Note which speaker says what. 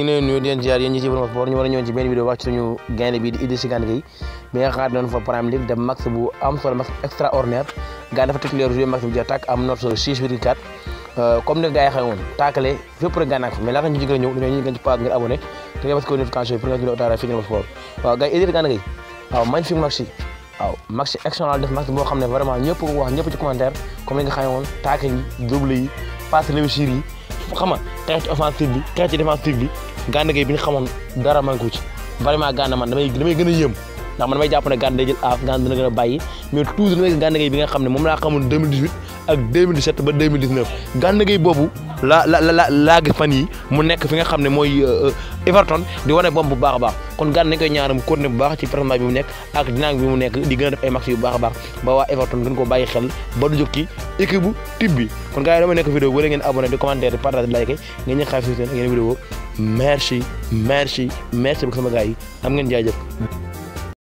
Speaker 1: ñu leen nuyu di leen ziar yéen ñi ci Ibrahima Sport ñu war a ñëw ci benn vidéo wax ci suñu gaynde bi di Idrissa Gana Gueye bi nga xaar doon fa Premier League dem max bu am solo max extraordinaire gars dafa titulaire joué max bi jeex am note 6 virgule 4 euh, comme ni gars yi xamoon tàkkale fépp rek gànnaaw mais laata ñu ci gën a ñëw dañoo ñu gën ci paase ngir abonné te nga parce que notification yi pour nga jël otaara fii Ibrahima Sport waaw gars Idrissa Gana Gueye waaw magnifique match waaw match exceptionnel def match boo xam vraiment ñëpp wax ñëpp ci commentaire comme ni nga xamoon tàkkale yi double yi passe réussir yi xam nga xeex ci offensive bi xeex ci défensive bi Gana Gueye bi ñu xamoon dara manqué wu ci vraiment man damay damay a yëm ndax man damay jàpp ne Gana day jël aaf bi nga xam ne mooy euh, euh, Everton di wane boppam bu baax a baax kon Gana dañ koy ñaanal bu baax ci performance bi mu nekk ak dynamique bi mu nekk ba waa Everton gën ko xel ba du jóg équipe bu tib bi kon gars yi dama nekk vidéo bu la ngeen abonné di commenter di partager di like ngeen ñu xaar si seen ngeen merci merci merci beaucoup sama gars yi am ngeen jaajëf